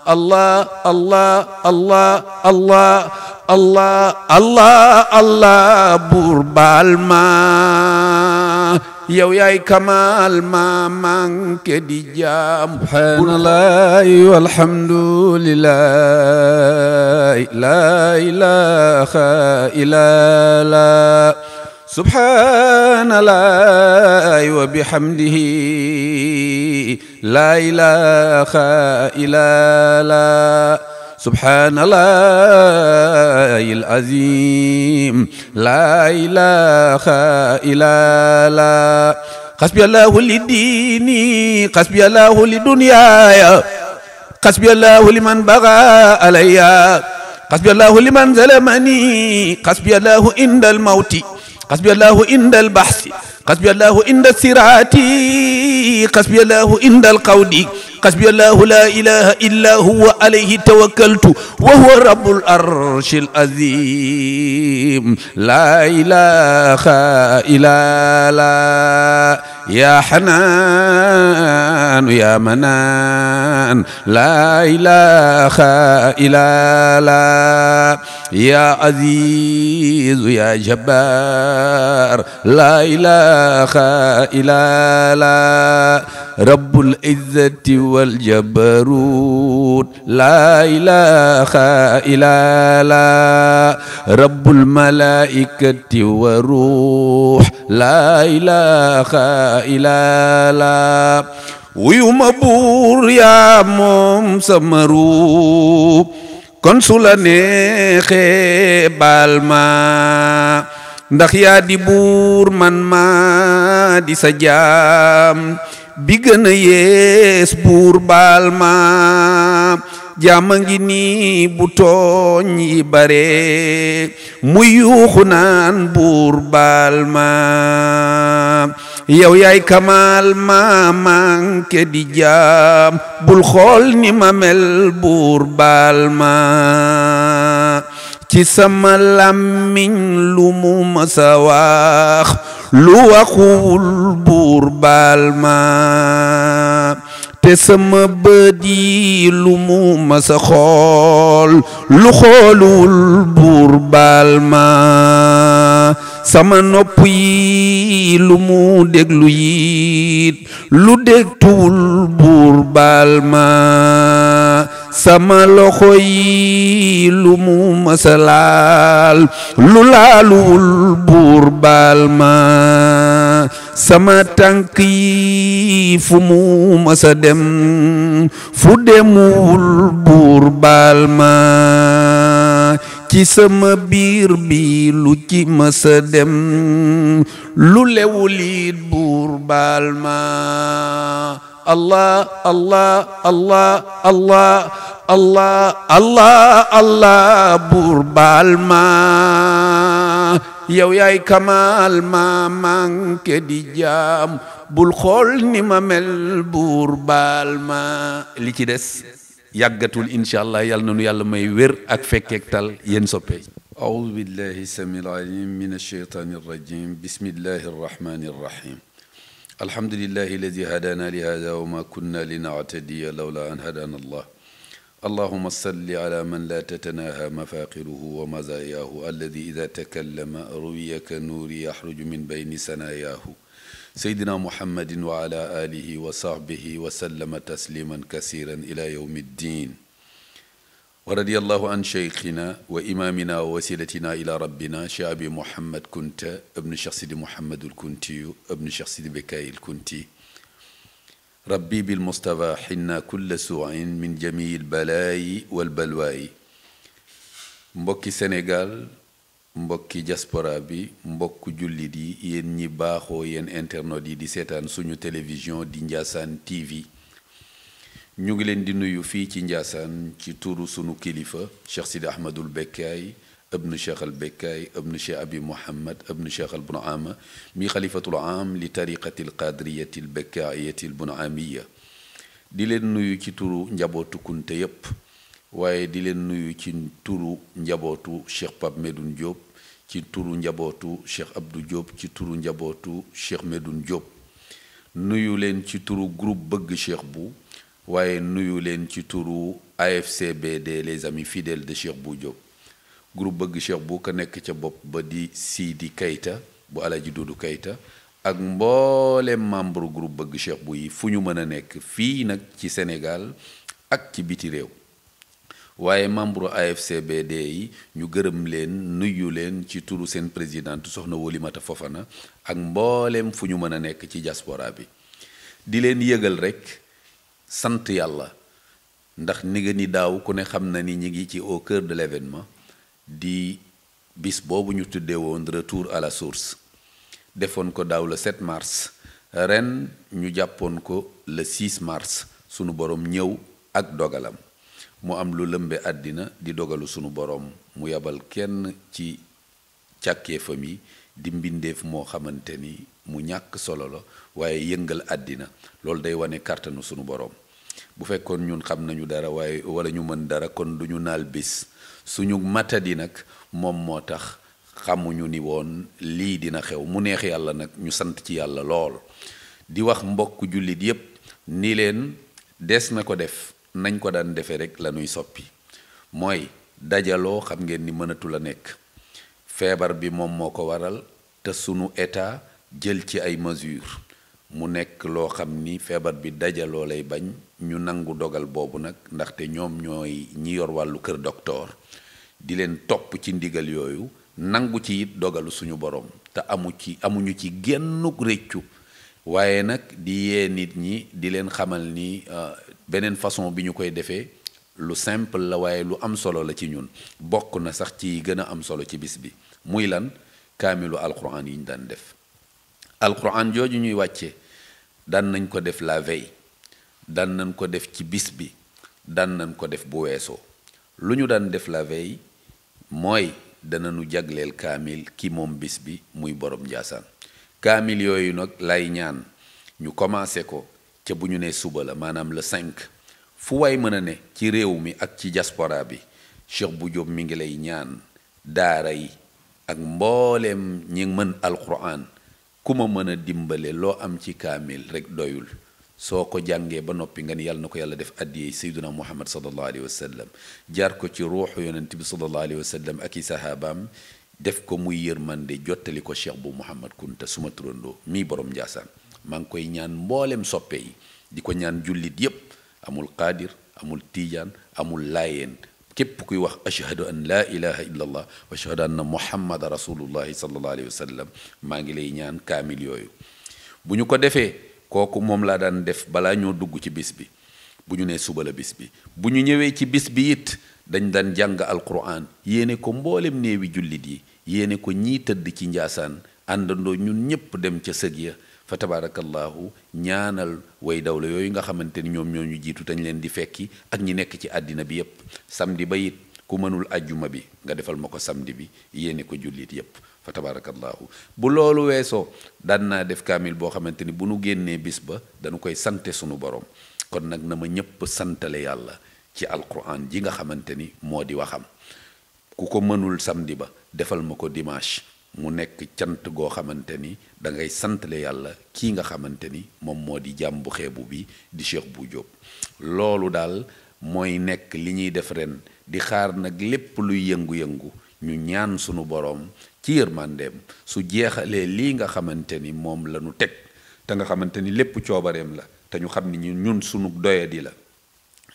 الله الله الله الله الله الله الله بورب الماء يا وياي كمال ما منك دي جام سبحان الله والحمد لله لا إله إلا لا سبحان الله وبحمده لا إله إلا لا سبحان الله العظيم لا إله إلا لا قسبي الله لديني قسبي الله لدنياي قسبي الله لمن بغى علي قسبي الله لمن ظلمني قسبي الله عند الموت قسبي الله عند البحث قسبي الله عند الصراط قسبي الله عند القول حسبي الله لا إله إلا هو عليه توكلت وهو رب الأرش العظيم لا إله إلا لا يا حنان يا منان لا إله إلا لا يا عزيز يا جبار لا إله إلا لا رب العزة والجبروت لا إله إلا لا رب الملائكة والروح لا إله إلا لا ويوم بور يا موم سمرو kon su بالما ndax yaa di buur man ma di sa jaam bi gën a buur baal ma jàmm ngi nii bu tooñ yi bare muy yuuxu naan buur baal ma yow yay kamaal ma manke di jaam bul xool ni ma mel buur baal ma تسمى لمن لومو مساواخ لوخو البور بالما تسمى بدي لومو مساخول لوخو البور بالما سمانو بي لومو دغلويت لو دغتول بور بالما sama loxo yi lu mu masalaal lu laaluwul buur baal ma sama tànk yi fu mu masa dem fu demuwul buur baal ma ci sama biir bi lu ci masa dem lu lewulit buur baal ma الله الله الله الله الله الله buur baal ma yow yaay kamaal ma manke di jaam bul xool ni ma mel buur baal ma li ci des yàggatul incha allah yàlla na nu yàlla may wér ak fekkeek tal yéen soppe أعوذ بالله السميع العليم من الشيطان الرجيم بسم الله الحمد لله الذي هدانا لهذا وما كنا لنعتدي لولا أن هدانا الله اللهم صل على من لا تتناهى مفاقره ومزاياه الذي إذا تكلم روي كالنور يخرج من بين ثناياه سيدنا محمد وعلى آله وصحبه وسلم تسليما كثيرا إلى يوم الدين ورضي الله عن شيخنا وإمامنا ووسيلتنا إلى ربنا شعبي محمد كنت ابن شخص محمد الكنتي ابن شخص بكاي الكنتي ربي بالمصطفى حنا كل سوء من جميل البلاء والبلواء mbokki Sénégal mbokki diaspora bi mbokk jullit yi yéen ñi ين انترنو دي دي سيتان سونيو تلفزيون دي نجاسان Ndiassane TV ñu ngi leen di nuyu fii ci Njaasaan ci turu sunu kilifa Cheikh Sidi Ahmadul Bekkaay ibnu Cheikh al Bekkaay ibnu Cheikh Abi Muhammad ibnu Cheikh al Bunaama mi xalifatul aam li tariqati al qadriyati al bekkaayati al bunaamiya di leen nuyu ci turu njabootu kunte yépp waaye di leen nuyu ci turu njabootu Cheikh Pape Medoune Diop ci turu njabootu Cheikh Abdou Diop ci turu njabootu Cheikh Medoune Diop nuyu leen ci turu groupe bëgg Cheikh bu waaye nuyu leen ci turu AFCBD les amis fidèles de Cheikh bu Diop groupe bëgg Cheikh Bou ka nekk ca bopp ba di Sidi Kayta bu Alaji Dudu Kayta ak mboolem membre groupe bëgg Cheikh bu yi fu ñu mën a nekk fii nag ci senegal ak ci biti réew waaye membre AFCBD yi ñu gërëm leen nuyu leen ci turu seen présidente soxna Wolimata Fofana ak mboolem fu ñu mën a nekk ci jaspora bi di leen yëgal rek. sant yàlla ndax ni nga ni daaw ku ne xam na ni ñi ngi ci au cœur de l'événement di bis boobu ñu tuddee woon retour à la source defoon ko daaw le 7 mars ren ñu jàppoon ko le 6 mars sunu borom ñëw ak dogalam mu am lu lëmbe àddina di dogalu sunu borom mu yabal kenn ci càkkeefam yi di mbindeef moo xamante ni mu ñàkk solo la waaye yëngal àddina loolu day wane kàttanu sunu borom. bu fekkoon ñun xam nañu dara waaye wala ñu mën dara kon du ñu naal bis suñu matadi nag moom moo tax xamuñu ni woon lii dina xew mu neex yàlla nag ñu sant ci yàlla lool di wax mbokk jullit yépp ni leen des na ko def nañ ko daan defee rek la ñuy soppi mooy dajaloo xam ngeen ni mënatul a nekk feebar bi moom moo ko waral te suñu état jël ci ay mesures mu nekk loo xam ni feebar bi dajaloo lay bañ ñu nangu dogal boobu nag ndaxte ñoom ñooy ñi yor wàllu kër doktoor di leen topp ci ndigal yooyu nangu ci it dogalu suñu borom te amu ci amuñu ci génnuk réccu waaye nag di yee nit ñi di leen xamal ni euh, beneen façon bi ñu koy defee lu simple la waaye lu am solo la ci ñun bokk na sax ci gën a am solo ci bis bi muy lan kaamilu alxuraan yi ñu daan def alquran jooju ñuy wàcce daan nañ ko def la veille daan nañ ko def ci bis bi daan nañ ko def bu weesoo lu ñu daan def la veille mooy danañu jagleel kaamil ki moom bis bi muy borom njaasaan kaamil yooyu nag lay ñaan ñu commencé ko ca bu ñu nee suba la maanaam la 5 fu waay mën a ne ci réew mi ak ci diaspora bi Cheikh bu Diop mi ngi lay ñaan daara yi ak mbooleem ñi mën alquran ku ma mën a dimbale loo am ci kaamil rek doyul soo ko jàngee ba noppi nga ni yàlla na ko yàlla def addiyey sayduna muhammad salallahu alayhi wa sallam jaar ko ci ruuxu yonent bi salallahu alayhi wa sallam ak i sahabaam def ko muy yërmande jottali ko cheikh bu muhammad kunta suma turandoo mii borom njaasaan maa ngi koy ñaan mboolem soppee yi di ko ñaan jullit yépp amul qaadir amul tiijaan amul laayeen كيف كي أشهد أن لا إله إلا الله وأشهد أن محمد رسول الله صلى الله عليه وسلم ما نجلي نان كامل يوي بنيو كدفة كوكو مملا دان دف بلا نيو دوغو تي بيس بي بنيو نيسو بلا بيس بي بنيو نيوي تي بيس بي يت دان دان جانغ القرآن يني كم بولم نيوي جلدي يني كو نيتد تي نجاسان أندن دو نيو نيب دم تي سجيه fa tabaarakallaahu ñaanal way dawla yooyu nga xamante ni ñoom ñooñu ñu jiitu dañ leen di fekki ak ñi nekk ci àddina bi yépp samedi ba it ku mënul ajjuma bi nga defal ma ko samdi bi yéene ko jullit yépp fa tabaarakallaahu bu loolu weesoo daan naa def kaamil boo xamante ni bu nu génnee bis ba dañu koy sante sunu borom kon nag na ma ñépp santale yàlla ci alquran ji nga xamante ni moo di waxam ku ko mënul samdi ba defal ma ko dimanche mu nekk cant goo xamante ni da ngay santale yàlla kii nga xamante ni moom moo di jàmm xeebu bi di Cheikh Bou Diop loolu daal mooy nekk li ñuy def ren di xaar nag lépp luy yëngu-yëngu ñu ñaan sunu boroom ci yërmandeem su jeexalee lii nga xamante ni moom la ñu teg te nga xamante ni lépp coobareem la te ñu xam ni ñun sunu doyadi la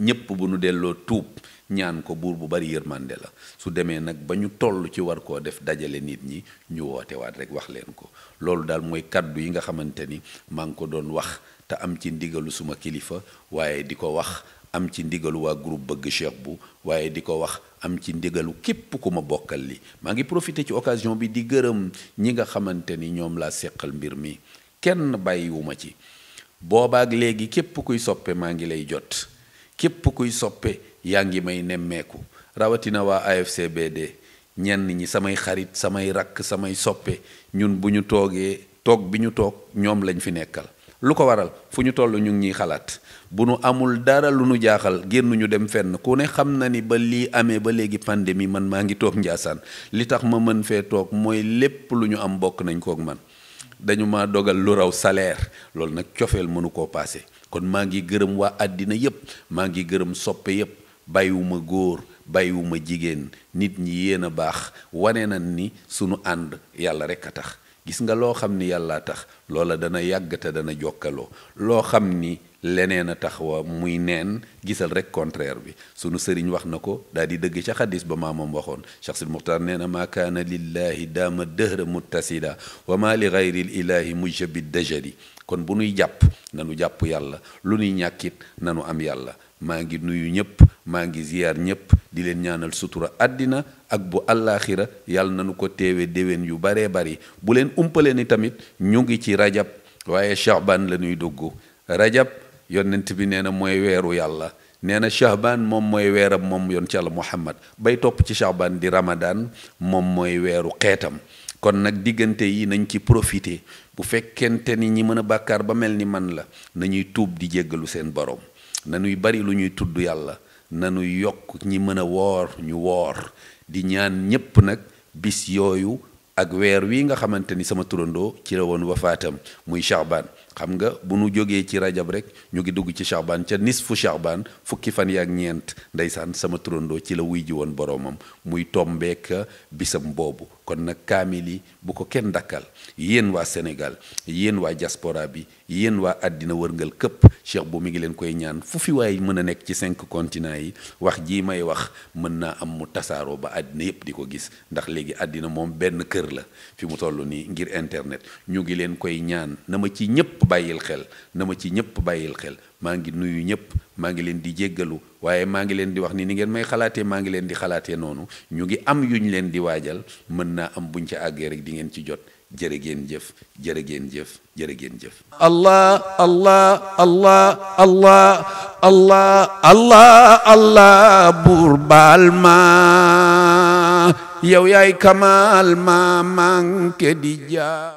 ñépp bu nu delloo tuub ñaan ko buur bu bari yërmande la su demee nag ba ñu toll ci war koo def dajale nit ñi ñu wootewaat rek wax leen ko loolu daal mooy kàddu yi nga xamante ni maa ngi ko doon wax te am ci ndigalu suma kilifa waaye di ko wax am ci ndigalu waa groupe bëgg cheikh bu waaye di ko wax am ci ndigalu képp ku ma bokkal li maa ngi profité ci occasion bi di gërëm ñi nga xamante ni ñoom laa seqal mbir mi kenn bàyyiwu ma ci boobaak léegi képp kuy soppe maa ngi lay jot képp kuy soppe yaa ngi may nemmeeku rawatina waa AFCBD ñenn ñi samay xarit samay rakk samay soppe ñun bu ñu toogee toog bi ñu toog ñoom lañ fi nekkal lu ko waral fu ñu toll ñu ngi ñuy xalaat bu nu amul dara lu nu jaaxal ñu dem fenn ku ne xam na ni ba lii amee ba léegi pandémie man maa ngi toog njaasaan li tax ma mën fee toog mooy lépp lu ñu am bokk nañ kook man dañu ma dogal lu raw salaire loolu nag cofeel mënu koo paase kon maa ngi gërëm waa àddina yépp maa ngi gërëm soppe yépp bàyyiwuma góor bàyyiwuma jigéen nit ñi yéen a baax wane na ni sunu ànd yàlla rekk a tax gis nga loo xam ni yàlla tax loola dana yàgg te dana jokkaloo loo xam ni leneen a tax wa muy neen gisal rek contraire bi sunu sëriñ wax na ko daal di dëgg ca xadis ba maamam waxoon Cheikh Sil Muxtaar nee na maa kaana lillahi daama dëhra muttasida wa maa li gayri ilahi mujjabi dajari kon bu nuy jàpp nanu jàpp yàlla lu nuy ñàkkit nanu am yàlla maa ngi nuyu ñëpp maa ngi ziyaar ñëpp di leen ñaanal sutura àddina ak bu alaaxira yàlla na nu ko teewe déwén yu baree bari bu leen umpale ni tamit ñu ngi ci rajab waaye shahbaan la ñuy dugg rajab yonent bi nee na mooy weeru yàlla nee na shahbaan moom mooy weeram moom yoon ci àlla muhammad bay topp ci shahbaan di ramadaan moom mooy weeru xeetam kon nag diggante yi nañ ci profité bu fekkente ni ñi mën a bàkkaar ba mel ni man la nañuy tuub di jéggalu seen borom nanuy bari lu ñuy tudd yàlla nanuy yokk ñi mën a woor ñu woor di ñaan ñépp nag bis yooyu ak weer wi nga xamante ni sama turandoo ci la woon wafaatam muy Shaaban xam nga bu nu jógee ci rajab rek ñu ngi dugg ci chaban ca nisfu chaban fukki fan yaak ñeent ndeysaan sama turandoo ci la wuyji woon boroomam muy tombeek bisam boobu kon nag kaamil yi bu ko kenn dakkal yéen waa sénégal yéen waa diaspora bi yéen waa àddina wërngal këpp cheikh bu mi ngi leen koy ñaan fu fi waay mën a ci cinq continents yi wax jii may wax mën am mu tasaaroo ba àddina yépp di ko gis ndax léegi àddina moom benn kër la fi mu toll nii ngir internet ñu ngi leen koy ñaan na ma ci ñëpp bàyyil xel na ma ci ñëpp bàyyil xel maa ngi nuyu ñëpp maa ngi leen di jéggalu waaye maa ngi leen di wax ni ni ngeen may xalaate maa ngi leen di xalaatee noonu ñu ngi am yu ñu leen di waajal mën naa am buñ ca àggee rek di ngeen ci jot jërë ngeen jëf jërë ngeen jëf jërë ngeen jëf allah allah allah allah allah allah buur baal ma yow yaay kamaal ma manke di ja